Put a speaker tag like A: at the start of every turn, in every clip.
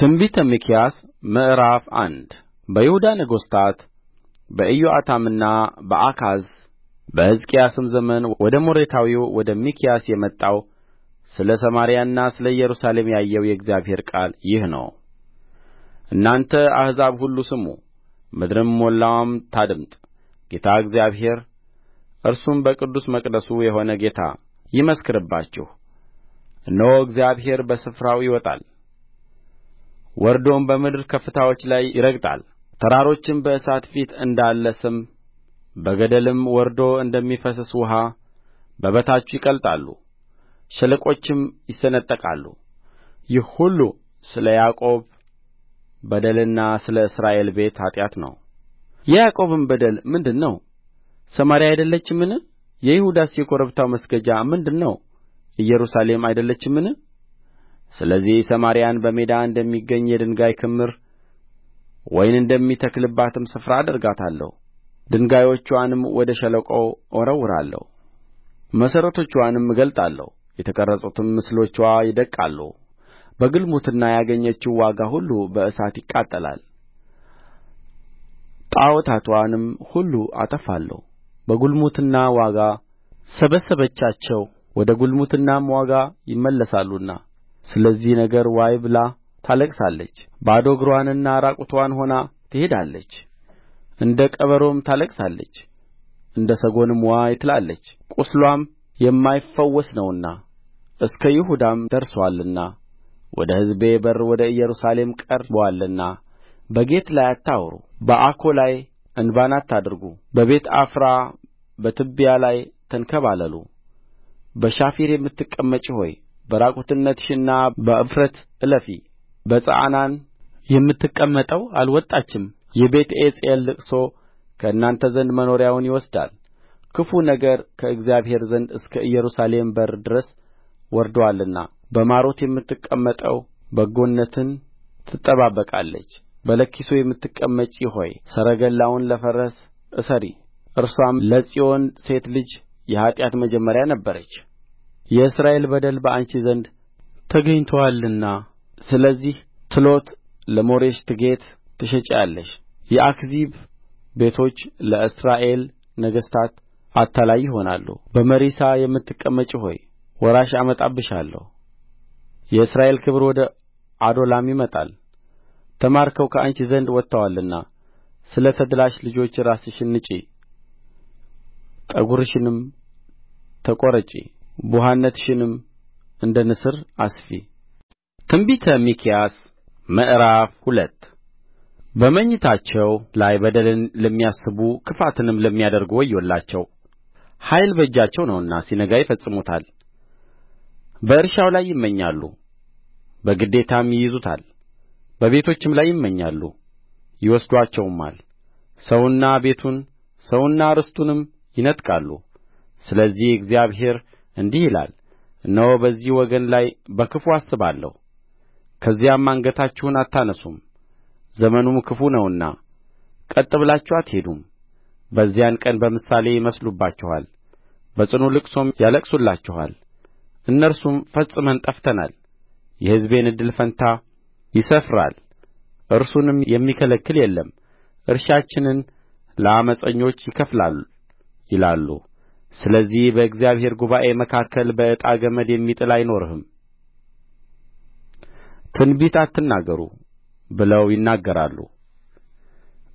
A: ትንቢተ ሚክያስ ምዕራፍ አንድ በይሁዳ ነገሥታት በኢዮአታምና በአካዝ በሕዝቅያስም ዘመን ወደ ሞሬታዊው ወደ ሚክያስ የመጣው ስለ ሰማርያና ስለ ኢየሩሳሌም ያየው የእግዚአብሔር ቃል ይህ ነው። እናንተ አሕዛብ ሁሉ ስሙ፣ ምድርም ሞላዋም ታድምጥ። ጌታ እግዚአብሔር እርሱም በቅዱስ መቅደሱ የሆነ ጌታ ይመስክርባችሁ። እነሆ እግዚአብሔር በስፍራው ይወጣል ወርዶም በምድር ከፍታዎች ላይ ይረግጣል ተራሮችም በእሳት ፊት እንዳለ ሰም በገደልም ወርዶ እንደሚፈስስ ውኃ በበታቹ ይቀልጣሉ፣ ሸለቆችም ይሰነጠቃሉ። ይህ ሁሉ ስለ ያዕቆብ በደልና ስለ እስራኤል ቤት ኃጢአት ነው። የያዕቆብም በደል ምንድር ነው? ሰማርያ አይደለችምን? የይሁዳስ የኮረብታው መስገጃ ምንድር ነው? ኢየሩሳሌም አይደለችምን? ስለዚህ ሰማርያን በሜዳ እንደሚገኝ የድንጋይ ክምር ወይን እንደሚተክልባትም ስፍራ አደርጋታለሁ ድንጋዮችዋንም ወደ ሸለቆ እወረውራለሁ መሠረቶችዋንም እገልጣለሁ የተቀረጹትም ምስሎችዋ ይደቅቃሉ በግልሙትና ያገኘችው ዋጋ ሁሉ በእሳት ይቃጠላል ጣዖታትዋንም ሁሉ አጠፋለሁ በግልሙትና ዋጋ ሰበሰበቻቸው ወደ ግልሙትናም ዋጋ ይመለሳሉና ስለዚህ ነገር ዋይ ብላ ታለቅሳለች ባዶ እግርዋንና ራቁትዋን ሆና ትሄዳለች እንደ ቀበሮም ታለቅሳለች እንደ ሰጎንም ዋይ ትላለች ቍስልዋም የማይፈወስ ነውና እስከ ይሁዳም ደርሶአልና ወደ ሕዝቤ በር ወደ ኢየሩሳሌም ቀርቦአልና በጌት ላይ አታውሩ በአኮ ላይ እንባን አታድርጉ በቤትዓፍራ በትቢያ ላይ ተንከባለሉ በሻፊር የምትቀመጪ ሆይ በራቁትነትሽና በእፍረት እለፊ በጸዓናን የምትቀመጠው አልወጣችም የቤትኤጼል ልቅሶ ከእናንተ ዘንድ መኖሪያውን ይወስዳል ክፉ ነገር ከእግዚአብሔር ዘንድ እስከ ኢየሩሳሌም በር ድረስ ወርዶአልና በማሮት የምትቀመጠው በጎነትን ትጠባበቃለች በለኪሶ የምትቀመጪ ሆይ ሰረገላውን ለፈረስ እሰሪ እርስዋም ለጽዮን ሴት ልጅ የኃጢአት መጀመሪያ ነበረች የእስራኤል በደል በአንቺ ዘንድ ተገኝቶአልና ስለዚህ ትሎት ለሞሬሼትጌት ትሰጪአለሽ የአክዚብ ቤቶች ለእስራኤል ነገሥታት አታላይ ይሆናሉ በመሪሳ የምትቀመጪ ሆይ ወራሽ አመጣብሻለሁ የእስራኤል ክብር ወደ ዓዶላም ይመጣል ተማርከው ከአንቺ ዘንድ ወጥተዋልና ስለ ተድላሽ ልጆች ራስሽን ንጪ ጠጕርሽንም ተቈረጪ ቡሀነትሽንም እንደ ንስር አስፊ ትንቢተ ሚክያስ ምዕራፍ ሁለት በመኝታቸው ላይ በደልን ለሚያስቡ ክፋትንም ለሚያደርጉ ወዮላቸው ኃይል በእጃቸው ነውና ሲነጋ ይፈጽሙታል በእርሻው ላይ ይመኛሉ በግዴታም ይይዙታል በቤቶችም ላይ ይመኛሉ ይወስዱአቸውማል ሰውንና ቤቱን ሰውንና ርስቱንም ይነጥቃሉ ስለዚህ እግዚአብሔር እንዲህ ይላል እነሆ በዚህ ወገን ላይ በክፉ አስባለሁ ከዚያም አንገታችሁን አታነሡም ዘመኑም ክፉ ነውና ቀጥ ብላችሁ አትሄዱም በዚያን ቀን በምሳሌ ይመስሉባችኋል በጽኑ ልቅሶም ያለቅሱላችኋል እነርሱም ፈጽመን ጠፍተናል የሕዝቤን እድል ፈንታ ይሰፍራል እርሱንም የሚከለክል የለም እርሻችንን ለዓመፀኞች ይከፍላል ይላሉ ስለዚህ በእግዚአብሔር ጉባኤ መካከል በዕጣ ገመድ የሚጥል አይኖርህም ትንቢት አትናገሩ ብለው ይናገራሉ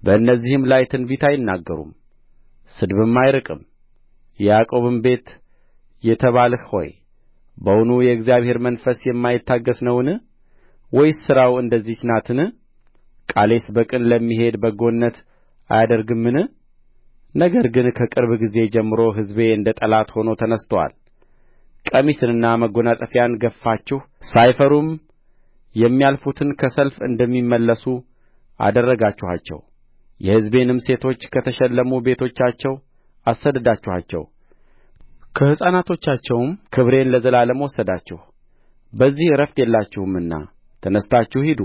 A: በእነዚህም ላይ ትንቢት አይናገሩም ስድብም አይርቅም የያዕቆብም ቤት የተባልህ ሆይ በውኑ የእግዚአብሔር መንፈስ የማይታገሥ ነውን ወይስ ሥራው እንደዚች ናትን ቃሌስ በቅን ለሚሄድ በጎነት አያደርግምን ነገር ግን ከቅርብ ጊዜ ጀምሮ ሕዝቤ እንደ ጠላት ሆኖ ተነሥቶአል ቀሚስንና መጐናጸፊያን ገፋችሁ ሳይፈሩም የሚያልፉትን ከሰልፍ እንደሚመለሱ አደረጋችኋቸው የሕዝቤንም ሴቶች ከተሸለሙ ቤቶቻቸው አሳደዳችኋቸው ከሕፃናቶቻቸውም ክብሬን ለዘላለም ወሰዳችሁ በዚህ ዕረፍት የላችሁምና ተነሥታችሁ ሂዱ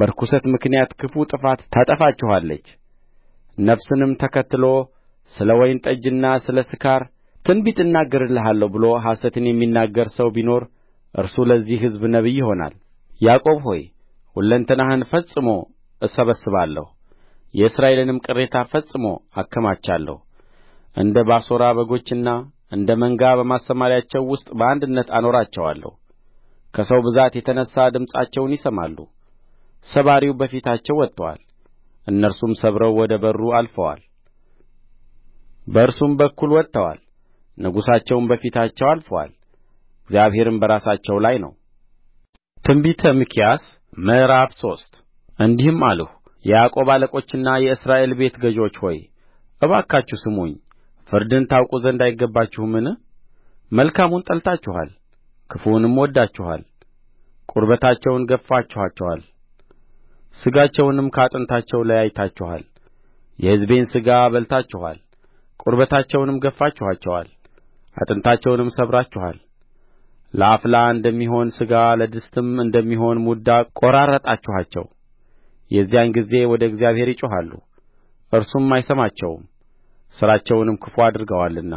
A: በርኵሰት ምክንያት ክፉ ጥፋት ታጠፋችኋለች ነፍስንም ተከትሎ ስለ ወይን ጠጅና ስለ ስካር ትንቢት እናገርልሃለሁ ብሎ ሐሰትን የሚናገር ሰው ቢኖር እርሱ ለዚህ ሕዝብ ነቢይ ይሆናል ያዕቆብ ሆይ ሁለንተናህን ፈጽሞ እሰበስባለሁ የእስራኤልንም ቅሬታ ፈጽሞ አከማቻለሁ እንደ ባሶራ በጎችና እንደ መንጋ በማሰማርያቸው ውስጥ በአንድነት አኖራቸዋለሁ ከሰው ብዛት የተነሣ ድምፃቸውን ይሰማሉ ሰባሪው በፊታቸው ወጥቶአል እነርሱም ሰብረው ወደ በሩ አልፈዋል በእርሱም በኩል ወጥተዋል ንጉሣቸውም በፊታቸው አልፎአል እግዚአብሔርም በራሳቸው ላይ ነው ትንቢተ ሚክያስ ምዕራፍ ሶስት እንዲህም አልሁ የያዕቆብ አለቆችና የእስራኤል ቤት ገዦች ሆይ እባካችሁ ስሙኝ ፍርድን ታውቁ ዘንድ አይገባችሁምን መልካሙን ጠልታችኋል ክፉውንም ወድዳችኋል ቁርበታቸውን ገፍፋችኋቸዋል ሥጋቸውንም ከአጥንታቸው ለያይታችኋል የሕዝቤን ሥጋ በልታችኋል ቁርበታቸውንም ገፋችኋቸዋል፣ አጥንታቸውንም ሰብራችኋል ለአፍላ እንደሚሆን ሥጋ ለድስትም እንደሚሆን ሙዳ ቈራረጣችኋቸው የዚያን ጊዜ ወደ እግዚአብሔር ይጮኻሉ እርሱም አይሰማቸውም ሥራቸውንም ክፉ አድርገዋልና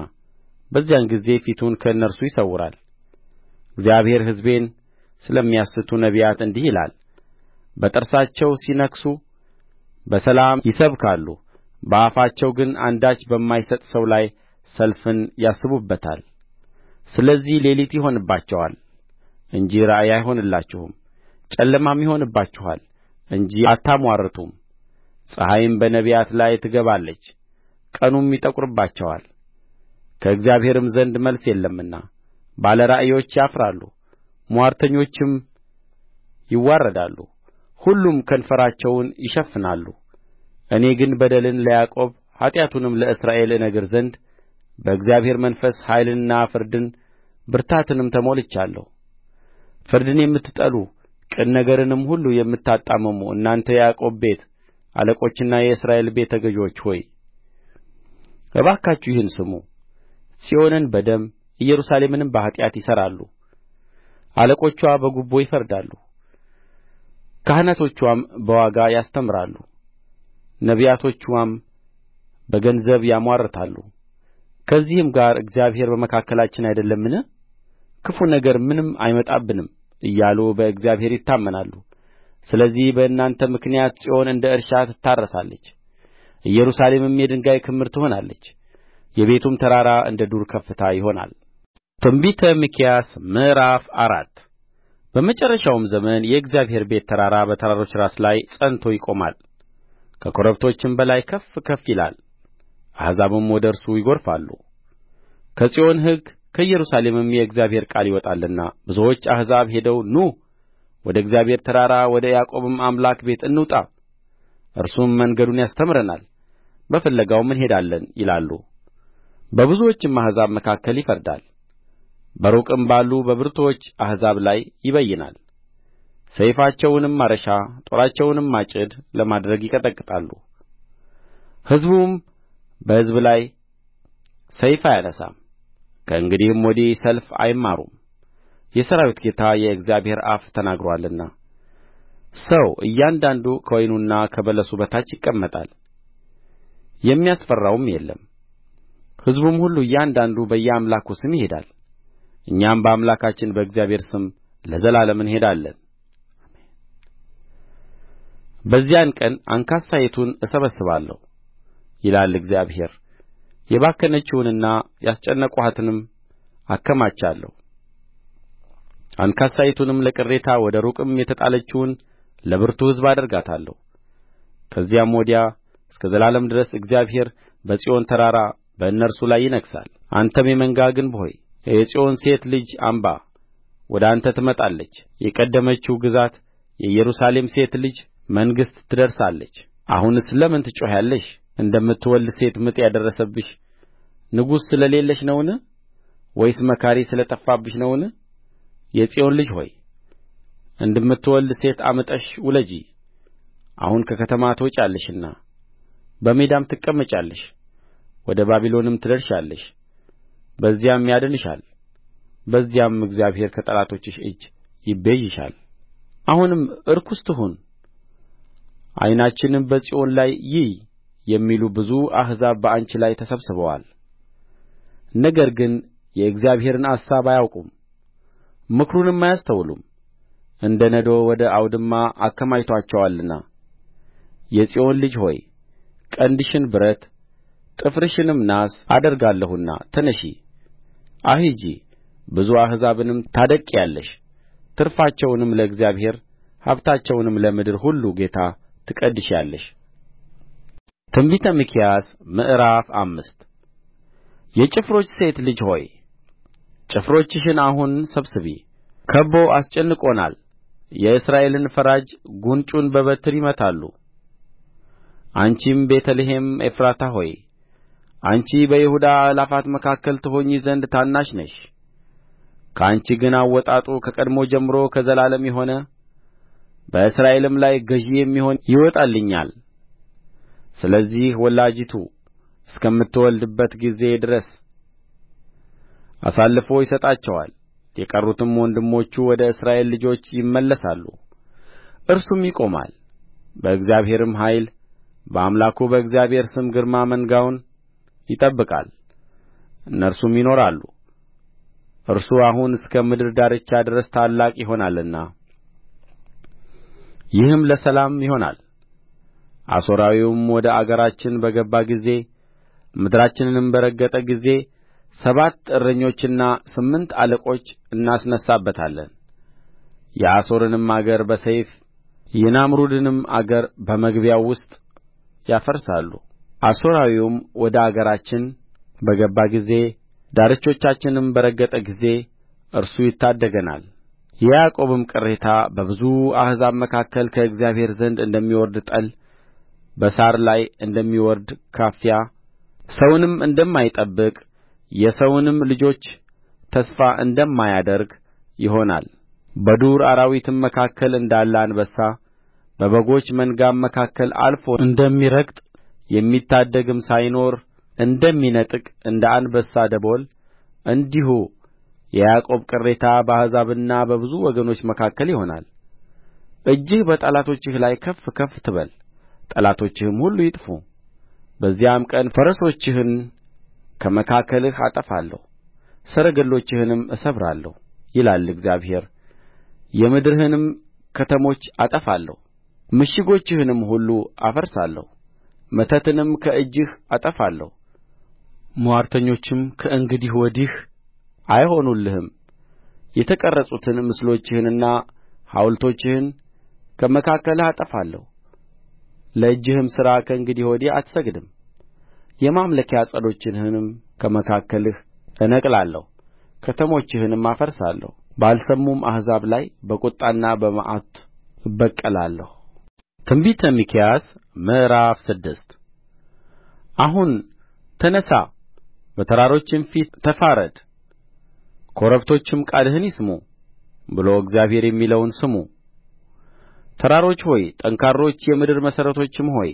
A: በዚያን ጊዜ ፊቱን ከእነርሱ ይሰውራል እግዚአብሔር ሕዝቤን ስለሚያስቱ ነቢያት እንዲህ ይላል በጥርሳቸው ሲነክሱ በሰላም ይሰብካሉ በአፋቸው ግን አንዳች በማይሰጥ ሰው ላይ ሰልፍን ያስቡበታል ስለዚህ ሌሊት ይሆንባቸዋል። እንጂ ራእይ አይሆንላችሁም ጨለማም ይሆንባችኋል እንጂ አታምዋርቱም ፀሐይም በነቢያት ላይ ትገባለች ቀኑም ይጠቁርባቸዋል ከእግዚአብሔርም ዘንድ መልስ የለምና ባለ ራእዮች ያፍራሉ ምዋርተኞችም ይዋረዳሉ ሁሉም ከንፈራቸውን ይሸፍናሉ እኔ ግን በደልን ለያዕቆብ ኃጢአቱንም ለእስራኤል እነግር ዘንድ በእግዚአብሔር መንፈስ ኃይልንና ፍርድን ብርታትንም ተሞልቻለሁ ፍርድን የምትጠሉ ቅን ነገርንም ሁሉ የምታጣምሙ እናንተ የያዕቆብ ቤት አለቆችና የእስራኤል ቤት ገዦች ሆይ እባካችሁ ይህን ስሙ ጽዮንን በደም ኢየሩሳሌምንም በኃጢአት ይሠራሉ አለቆችዋ በጉቦ ይፈርዳሉ ካህናቶችዋም በዋጋ ያስተምራሉ ነቢያቶችዋም በገንዘብ ያምዋርታሉ ከዚህም ጋር እግዚአብሔር በመካከላችን አይደለምን ክፉ ነገር ምንም አይመጣብንም እያሉ በእግዚአብሔር ይታመናሉ ስለዚህ በእናንተ ምክንያት ጽዮን እንደ እርሻ ትታረሳለች ኢየሩሳሌምም የድንጋይ ክምር ትሆናለች የቤቱም ተራራ እንደ ዱር ከፍታ ይሆናል ትንቢተ ሚክያስ ምዕራፍ አራት በመጨረሻውም ዘመን የእግዚአብሔር ቤት ተራራ በተራሮች ራስ ላይ ጸንቶ ይቆማል ከኮረብቶችም በላይ ከፍ ከፍ ይላል አሕዛብም ወደ እርሱ ይጐርፋሉ ከጽዮን ሕግ ከኢየሩሳሌምም የእግዚአብሔር ቃል ይወጣልና ብዙዎች አሕዛብ ሄደው ኑ ወደ እግዚአብሔር ተራራ ወደ ያዕቆብም አምላክ ቤት እንውጣ እርሱም መንገዱን ያስተምረናል በፍለጋውም እንሄዳለን ይላሉ በብዙዎችም አሕዛብ መካከል ይፈርዳል በሩቅም ባሉ በብርቱዎች አሕዛብ ላይ ይበይናል ሰይፋቸውንም ማረሻ ጦራቸውንም ማጭድ ለማድረግ ይቀጠቅጣሉ ሕዝቡም በሕዝብ ላይ ሰይፍ አያነሣም ከእንግዲህም ወዲህ ሰልፍ አይማሩም የሠራዊት ጌታ የእግዚአብሔር አፍ ተናግሮአልና ሰው እያንዳንዱ ከወይኑና ከበለሱ በታች ይቀመጣል የሚያስፈራውም የለም ሕዝቡም ሁሉ እያንዳንዱ በየአምላኩ ስም ይሄዳል እኛም በአምላካችን በእግዚአብሔር ስም ለዘላለም እንሄዳለን በዚያን ቀን አንካሳይቱን እሰበስባለሁ ይላል እግዚአብሔር የባከነችውንና ያስጨነቅኋትንም አከማቻለሁ አንካሳይቱንም ለቅሬታ ወደ ሩቅም የተጣለችውን ለብርቱ ሕዝብ አደርጋታለሁ ከዚያም ወዲያ እስከ ዘላለም ድረስ እግዚአብሔር በጽዮን ተራራ በእነርሱ ላይ ይነግሣል አንተም የመንጋ ግንብ ሆይ የጽዮን ሴት ልጅ አምባ ወደ አንተ ትመጣለች የቀደመችው ግዛት የኢየሩሳሌም ሴት ልጅ መንግሥት ትደርሳለች አሁንስ ለምን ትጮኺአለሽ እንደምትወልድ ሴት ምጥ ያደረሰብሽ ንጉሥ ስለሌለሽ ነውን ወይስ መካሪ ስለ ጠፋብሽ ነውን የጽዮን ልጅ ሆይ እንደምትወልድ ሴት አምጠሽ ውለጂ አሁን ከከተማ ትወጫለሽና በሜዳም ትቀመጫለሽ ወደ ባቢሎንም ትደርሻለሽ በዚያም ያድንሻል በዚያም እግዚአብሔር ከጠላቶችሽ እጅ ይቤዥሻል አሁንም ርኩስ ትሁን ዓይናችንም በጽዮን ላይ ይይ የሚሉ ብዙ አሕዛብ በአንቺ ላይ ተሰብስበዋል ነገር ግን የእግዚአብሔርን አሳብ አያውቁም ምክሩንም አያስተውሉም እንደ ነዶ ወደ አውድማ አከማችቶአቸዋልና የጽዮን ልጅ ሆይ ቀንድሽን ብረት ጥፍርሽንም ናስ አደርጋለሁና ተነሺ አሂጂ ብዙ አሕዛብንም ታደቅቂአለሽ ትርፋቸውንም ለእግዚአብሔር ሀብታቸውንም ለምድር ሁሉ ጌታ ትቀድሻለሽ ትንቢተ ሚክያስ ምዕራፍ አምስት የጭፍሮች ሴት ልጅ ሆይ ጭፍሮችሽን አሁን ሰብስቢ ከብቦ አስጨንቆናል የእስራኤልን ፈራጅ ጕንጩን በበትር ይመታሉ አንቺም ቤተ ልሔም ኤፍራታ ሆይ አንቺ በይሁዳ አእላፋት መካከል ትሆኚ ዘንድ ታናሽ ነሽ ከአንቺ ግን አወጣጡ ከቀድሞ ጀምሮ ከዘላለም የሆነ በእስራኤልም ላይ ገዥ የሚሆን ይወጣልኛል ስለዚህ ወላጂቱ እስከምትወልድበት ጊዜ ድረስ አሳልፎ ይሰጣቸዋል የቀሩትም ወንድሞቹ ወደ እስራኤል ልጆች ይመለሳሉ እርሱም ይቆማል በእግዚአብሔርም ኃይል በአምላኩ በእግዚአብሔር ስም ግርማ መንጋውን ይጠብቃል እነርሱም ይኖራሉ እርሱ አሁን እስከ ምድር ዳርቻ ድረስ ታላቅ ይሆናልና ይህም ለሰላም ይሆናል አሦራዊውም ወደ አገራችን በገባ ጊዜ ምድራችንንም በረገጠ ጊዜ ሰባት እረኞችና ስምንት አለቆች እናስነሣበታለን የአሦርንም አገር በሰይፍ የናምሩድንም አገር በመግቢያው ውስጥ ያፈርሳሉ አሦራዊውም ወደ አገራችን በገባ ጊዜ ዳርቾቻችንም በረገጠ ጊዜ እርሱ ይታደገናል የያዕቆብም ቅሬታ በብዙ አሕዛብ መካከል ከእግዚአብሔር ዘንድ እንደሚወርድ ጠል በሣር ላይ እንደሚወርድ ካፊያ ሰውንም እንደማይጠብቅ የሰውንም ልጆች ተስፋ እንደማያደርግ ይሆናል በዱር አራዊትም መካከል እንዳለ አንበሳ በበጎች መንጋም መካከል አልፎ እንደሚረግጥ የሚታደግም ሳይኖር እንደሚነጥቅ እንደ አንበሳ ደቦል እንዲሁ የያዕቆብ ቅሬታ በአሕዛብና በብዙ ወገኖች መካከል ይሆናል እጅህ በጠላቶችህ ላይ ከፍ ከፍ ትበል ጠላቶችህም ሁሉ ይጥፉ በዚያም ቀን ፈረሶችህን ከመካከልህ አጠፋለሁ ሰረገሎችህንም እሰብራለሁ ይላል እግዚአብሔር የምድርህንም ከተሞች አጠፋለሁ ምሽጎችህንም ሁሉ አፈርሳለሁ መተትንም ከእጅህ አጠፋለሁ ምዋርተኞችም ከእንግዲህ ወዲህ አይሆኑልህም የተቀረጹትን ምስሎችህንና ሐውልቶችህን ከመካከልህ አጠፋለሁ ለእጅህም ሥራ ከእንግዲህ ወዲህ አትሰግድም የማምለኪያ ዐፀዶችህንም ከመካከልህ እነቅላለሁ ከተሞችህንም አፈርሳለሁ ባልሰሙም አሕዛብ ላይ በቍጣና በመዓት እበቀላለሁ ትንቢተ ሚክያስ ምዕራፍ ስድስት አሁን ተነሣ በተራሮችም ፊት ተፋረድ ኮረብቶችም ቃልህን ይስሙ ብሎ እግዚአብሔር የሚለውን ስሙ ተራሮች ሆይ ጠንካሮች የምድር መሠረቶችም ሆይ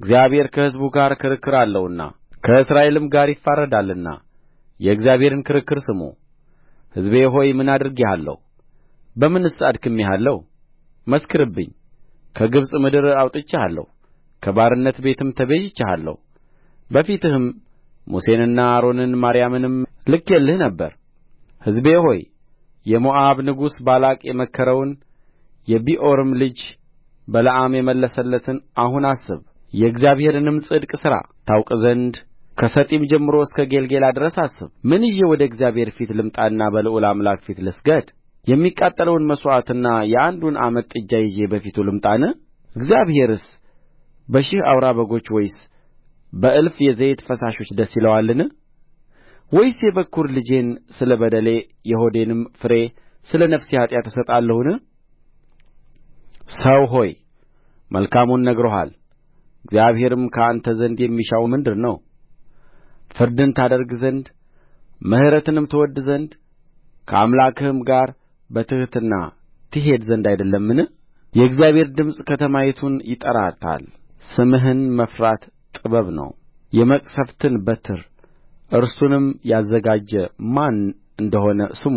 A: እግዚአብሔር ከሕዝቡ ጋር ክርክር አለውና ከእስራኤልም ጋር ይፋረዳልና የእግዚአብሔርን ክርክር ስሙ ሕዝቤ ሆይ ምን አድርጌሃለሁ በምንስ አድክሜሃለሁ መስክርብኝ ከግብጽ ምድር አውጥቼሃለሁ ከባርነት ቤትም ተቤዥቼሃለሁ በፊትህም ሙሴንና አሮንን ማርያምንም ልኬልህ ነበር ሕዝቤ ሆይ የሞዓብ ንጉሥ ባላቅ የመከረውን የቢዖርም ልጅ በለዓም የመለሰለትን አሁን አስብ የእግዚአብሔርንም ጽድቅ ሥራ ታውቅ ዘንድ ከሰጢም ጀምሮ እስከ ጌልገላ ድረስ አስብ ምን ይዤ ወደ እግዚአብሔር ፊት ልምጣና በልዑል አምላክ ፊት ልስገድ የሚቃጠለውን መሥዋዕትና የአንዱን ዓመት ጥጃ ይዤ በፊቱ ልምጣን እግዚአብሔርስ በሺህ አውራ በጎች ወይስ በእልፍ የዘይት ፈሳሾች ደስ ይለዋልን ወይስ የበኵር ልጄን ስለ በደሌ የሆዴንም ፍሬ ስለ ነፍሴ ኃጢአት እሰጣለሁን ሰው ሆይ መልካሙን ነግሮሃል እግዚአብሔርም ከአንተ ዘንድ የሚሻው ምንድር ነው ፍርድን ታደርግ ዘንድ ምሕረትንም ትወድድ ዘንድ ከአምላክህም ጋር በትሕትና ትሄድ ዘንድ አይደለምን የእግዚአብሔር ድምፅ ከተማይቱን ይጠራታል ስምህን መፍራት ጥበብ ነው የመቅሠፍትን በትር እርሱንም ያዘጋጀ ማን እንደ ሆነ ስሙ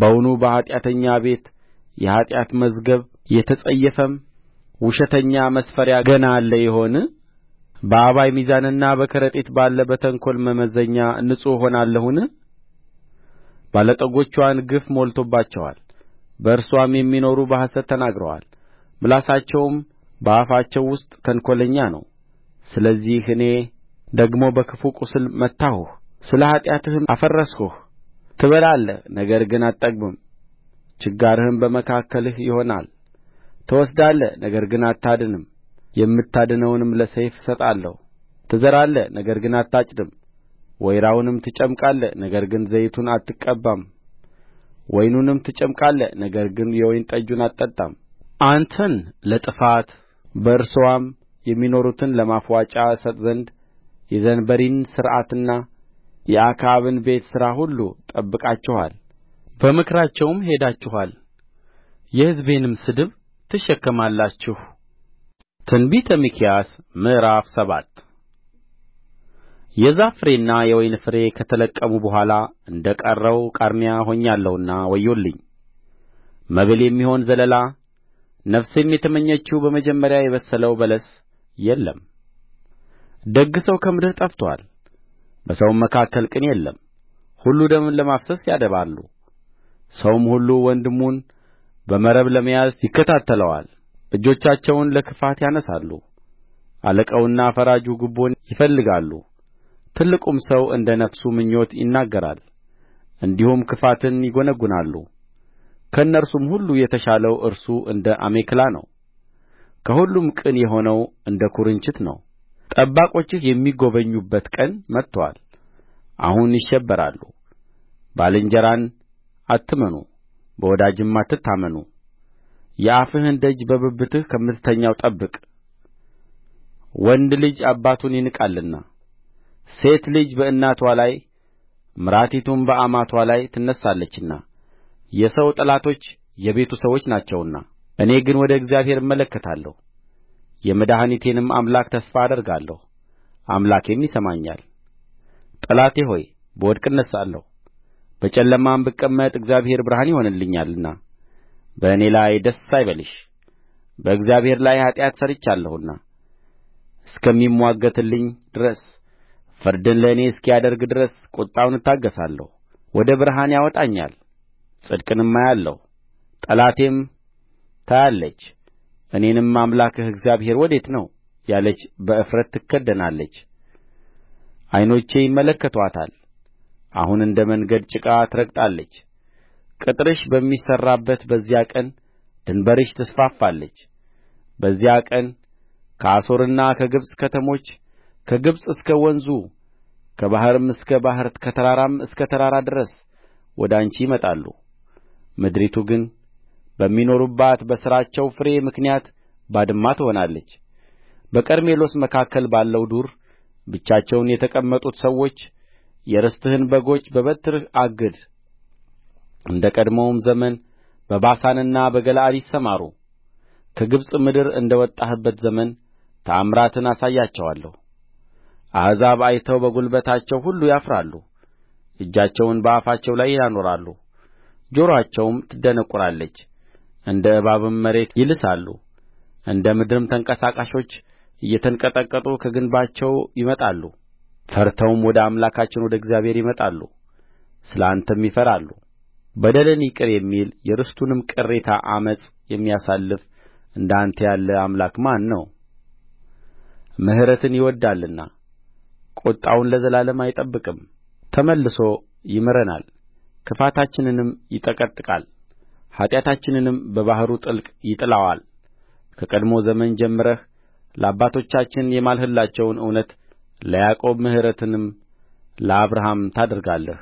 A: በውኑ በኃጢአተኛ ቤት የኃጢአት መዝገብ የተጸየፈም ውሸተኛ መስፈሪያ ገና አለ ይሆን በአባይ ሚዛንና በከረጢት ባለ በተንኰል መመዘኛ ንጹሕ እሆናለሁን ባለጠጎችዋን ግፍ ሞልቶባቸዋል በእርስዋም የሚኖሩ በሐሰት ተናግረዋል ምላሳቸውም በአፋቸው ውስጥ ተንኰለኛ ነው ስለዚህ እኔ ደግሞ በክፉ ቍስል መታሁህ ስለ ኃጢአትህም አፈረስሁህ ትበላለህ ነገር ግን አትጠግብም ችጋርህም በመካከልህ ይሆናል ትወስዳለህ ነገር ግን አታድንም የምታድነውንም ለሰይፍ እሰጣለሁ ትዘራለህ ነገር ግን አታጭድም ወይራውንም ትጨምቃለህ ነገር ግን ዘይቱን አትቀባም ወይኑንም ትጨምቃለህ ነገር ግን የወይን ጠጁን አትጠጣም አንተን ለጥፋት በእርስዋም የሚኖሩትን ለማፍዋጫ እሰጥ ዘንድ የዘንበሪን ሥርዓትና የአክዓብን ቤት ሥራ ሁሉ ጠብቃችኋል በምክራቸውም ሄዳችኋል የሕዝቤንም ስድብ ትሸከማላችሁ ትንቢተ ሚክያስ ምዕራፍ ሰባት የዛፍ ፍሬና የወይን ፍሬ ከተለቀሙ በኋላ እንደ ቀረው ቃርሚያ ሆኛለሁና ወዮልኝ መብል የሚሆን ዘለላ ነፍሴም የተመኘችው በመጀመሪያ የበሰለው በለስ የለም ደግ ሰው ከምድር ጠፍቶአል በሰውም መካከል ቅን የለም ሁሉ ደምን ለማፍሰስ ያደባሉ ሰውም ሁሉ ወንድሙን በመረብ ለመያዝ ይከታተለዋል እጆቻቸውን ለክፋት ያነሣሉ አለቃውና ፈራጁ ጉቦን ይፈልጋሉ ትልቁም ሰው እንደ ነፍሱ ምኞት ይናገራል እንዲሁም ክፋትን ይጐነጕናሉ ከእነርሱም ሁሉ የተሻለው እርሱ እንደ አሜከላ ነው ከሁሉም ቅን የሆነው እንደ ኵርንችት ነው ጠባቆችህ የሚጐበኙበት ቀን መጥቶአል አሁን ይሸበራሉ ባልንጀራን አትመኑ በወዳጅም አትታመኑ የአፍህን ደጅ በብብትህ ከምትተኛው ጠብቅ ወንድ ልጅ አባቱን ይንቃልና ሴት ልጅ በእናትዋ ላይ ምራቲቱም በአማትዋ ላይ ትነሣለችና የሰው ጠላቶች የቤቱ ሰዎች ናቸውና እኔ ግን ወደ እግዚአብሔር እመለከታለሁ የመድኃኒቴንም አምላክ ተስፋ አደርጋለሁ አምላኬም ይሰማኛል ጠላቴ ሆይ ብወድቅ እነሣለሁ በጨለማም ብቀመጥ እግዚአብሔር ብርሃን ይሆንልኛልና በእኔ ላይ ደስ አይበልሽ በእግዚአብሔር ላይ ኃጢአት ሠርቻለሁና እስከሚምዋገትልኝ ድረስ ፍርድን ለእኔ እስኪያደርግ ድረስ ቍጣውን እታገሣለሁ ወደ ብርሃን ያወጣኛል ጽድቅንም አያለሁ ጠላቴም ታያለች እኔንም አምላክህ እግዚአብሔር ወዴት ነው ያለች በእፍረት ትከደናለች ዓይኖቼ ይመለከቱአታል አሁን እንደ መንገድ ጭቃ ትረግጣለች ቅጥርሽ በሚሠራበት በዚያ ቀን ድንበርሽ ትስፋፋለች በዚያ ቀን ከአሦርና ከግብጽ ከተሞች ከግብጽ እስከ ወንዙ ከባሕርም እስከ ባሕር ከተራራም እስከ ተራራ ድረስ ወደ አንቺ ይመጣሉ ምድሪቱ ግን በሚኖሩባት በሥራቸው ፍሬ ምክንያት ባድማ ትሆናለች በቀርሜሎስ መካከል ባለው ዱር ብቻቸውን የተቀመጡት ሰዎች የርስትህን በጎች በበትርህ አግድ እንደ ቀድሞውም ዘመን በባሳንና በገለዓድ ይሰማሩ ከግብጽ ምድር እንደ ወጣህበት ዘመን ተአምራትን አሳያቸዋለሁ አሕዛብ አይተው በጕልበታቸው ሁሉ ያፍራሉ እጃቸውን በአፋቸው ላይ ያኖራሉ ጆሮአቸውም ትደነቍራለች እንደ እባብም መሬት ይልሳሉ እንደ ምድርም ተንቀሳቃሾች እየተንቀጠቀጡ ከግንባቸው ይመጣሉ ፈርተውም ወደ አምላካችን ወደ እግዚአብሔር ይመጣሉ ስለ አንተም ይፈራሉ በደልን ይቅር የሚል የርስቱንም ቅሬታ ዓመፅ የሚያሳልፍ እንደ አንተ ያለ አምላክ ማን ነው ምሕረትን ይወድዳልና ቍጣውን ለዘላለም አይጠብቅም ተመልሶ ይምረናል ክፋታችንንም ይጠቀጥቃል ኃጢአታችንንም በባሕሩ ጥልቅ ይጥለዋል ከቀድሞ ዘመን ጀምረህ ለአባቶቻችን የማልህላቸውን እውነት ለያዕቆብ ምሕረትንም ለአብርሃም ታደርጋለህ